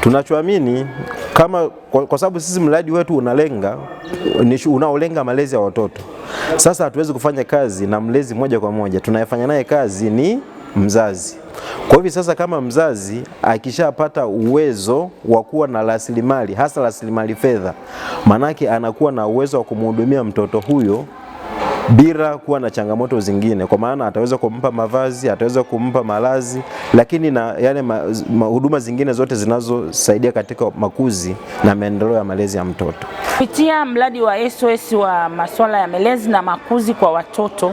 Tunachoamini kama kwa, kwa sababu sisi mradi wetu unalenga unaolenga malezi ya watoto. Sasa hatuwezi kufanya kazi na mlezi moja kwa moja, tunayefanya naye kazi ni mzazi. Kwa hivyo sasa, kama mzazi akishapata uwezo wa kuwa na rasilimali hasa rasilimali fedha, manake anakuwa na uwezo wa kumhudumia mtoto huyo bila kuwa na changamoto zingine, kwa maana ataweza kumpa mavazi, ataweza kumpa malazi, lakini na yale huduma zingine zote zinazosaidia katika makuzi na maendeleo ya malezi ya mtoto. Kupitia mradi wa SOS wa masuala ya malezi na makuzi kwa watoto,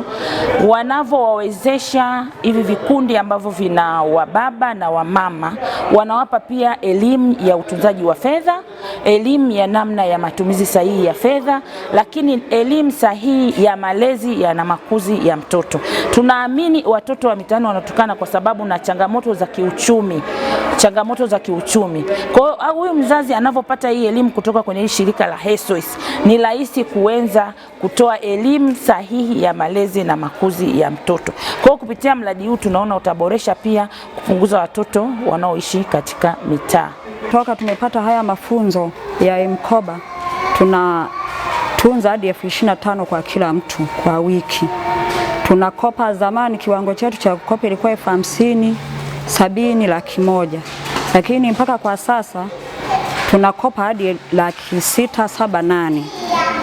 wanavyowawezesha hivi vikundi ambavyo vina wababa na wamama, wanawapa pia elimu ya utunzaji wa fedha elimu ya namna ya matumizi sahihi ya fedha, lakini elimu sahihi ya malezi ya na makuzi ya mtoto. Tunaamini watoto wa mitaani wanatokana kwa sababu na changamoto za kiuchumi changamoto za kiuchumi. Kwa hiyo huyu mzazi anavyopata hii elimu kutoka kwenye hii shirika la HESOIS, ni rahisi kuweza kutoa elimu sahihi ya malezi na makuzi ya mtoto. Kwa hiyo kupitia mradi huu tunaona utaboresha pia kupunguza watoto wanaoishi katika mitaa. Toka tumepata haya mafunzo ya mkoba, tunatunza hadi elfu ishirini na tano kwa kila mtu kwa wiki tunakopa. Zamani kiwango chetu cha kukopa ilikuwa elfu hamsini sabini laki moja, lakini mpaka kwa sasa tunakopa hadi laki sita saba nane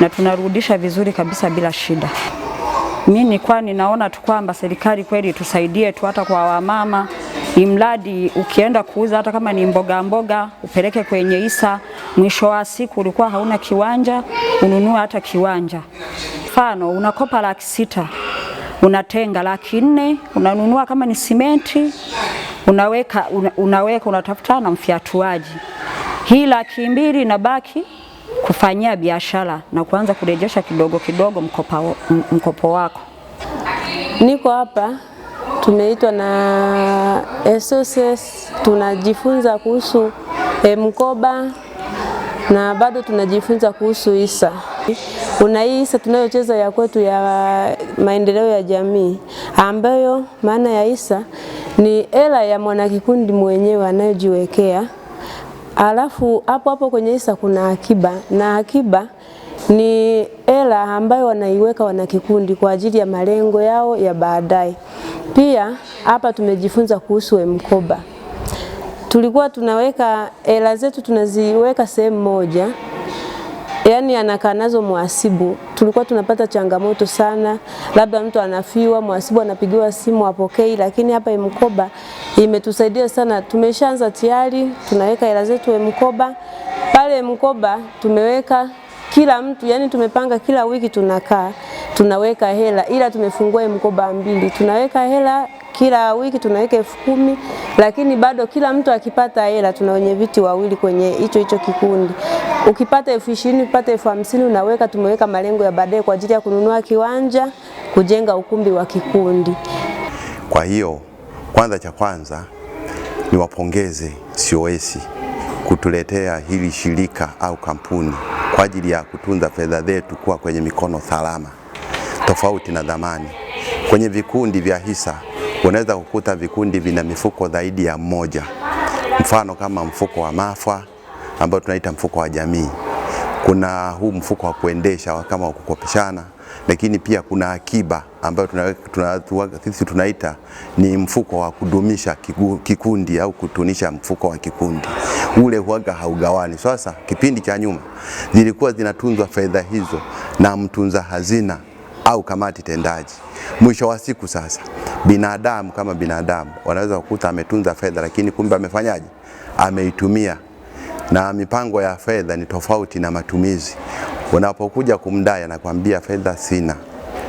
na tunarudisha vizuri kabisa bila shida. mi nilikuwa ninaona tu kwamba serikali kweli tusaidie tu hata kwa wamama, mradi ukienda kuuza hata kama ni mboga mboga upeleke kwenye isa, mwisho wa siku ulikuwa hauna kiwanja ununue hata kiwanja. Mfano unakopa laki sita unatenga laki nne unanunua kama ni simenti unaweka, unaweka unatafuta na mfiatuaji. Hii laki mbili inabaki kufanyia biashara na kuanza kurejesha kidogo kidogo mkopo, mkopo wako. Niko hapa tumeitwa na SOS, tunajifunza kuhusu e, mkoba na bado tunajifunza kuhusu isa. Kuna hii isa tunayocheza ya kwetu ya maendeleo ya jamii, ambayo maana ya isa ni hela ya mwanakikundi mwenyewe anayojiwekea. Alafu hapo hapo kwenye hisa kuna akiba, na akiba ni hela ambayo wanaiweka wanakikundi kwa ajili ya malengo yao ya baadaye. Pia hapa tumejifunza kuhusu mkoba. Tulikuwa tunaweka hela zetu tunaziweka sehemu moja yani anakaa nazo mwasibu Tulikuwa tunapata changamoto sana, labda mtu anafiwa, mwasibu anapigiwa simu apokei, lakini hapa mkoba imetusaidia sana. Tumeshaanza tayari, tunaweka hela zetu mkoba pale. Mkoba tumeweka kila mtu, yani tumepanga kila wiki tunakaa tunaweka hela, ila tumefungua mkoba mbili, tunaweka hela kila wiki tunaweka elfu kumi lakini bado kila mtu akipata hela tuna viti wawili kwenye hicho hicho kikundi. Ukipata elfu ishirini ukipata elfu hamsini unaweka. Tumeweka malengo ya baadaye kwa ajili ya kununua kiwanja, kujenga ukumbi wa kikundi. Kwa hiyo kwanza, cha kwanza ni wapongeze COS kutuletea hili shirika au kampuni kwa ajili ya kutunza fedha zetu kuwa kwenye mikono salama, tofauti na zamani. Kwenye vikundi vya hisa unaweza kukuta vikundi vina mifuko zaidi ya mmoja, mfano kama mfuko wa Mafwa ambao tunaita mfuko wa jamii. Kuna huu mfuko wa kuendesha kama wa kukopeshana, lakini pia kuna akiba ambayo sisi tuna, tuna, tunaita ni mfuko wa kudumisha kiku, kikundi au kutunisha mfuko wa kikundi. Ule huaga haugawani. Sasa kipindi cha nyuma zilikuwa zinatunzwa fedha hizo na mtunza hazina au kamati tendaji. Mwisho wa siku sasa, binadamu kama binadamu wanaweza kukuta ametunza fedha, lakini kumbe amefanyaje? Ameitumia na mipango ya fedha ni tofauti na matumizi. Unapokuja kumdai anakuambia fedha sina.